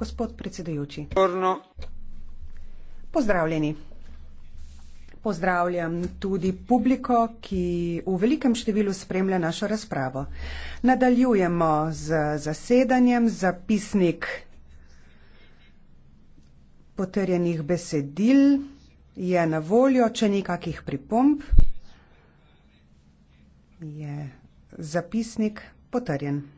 gospod predsedujoči pozdravljeni pozdravljam tudi publiko ki v velikem številu spremlja našo razpravo nadaljujemo z zasedanjem zapisnik potrjenih besedil je na voljo če ni kakih pripomb je zapisnik potrjen.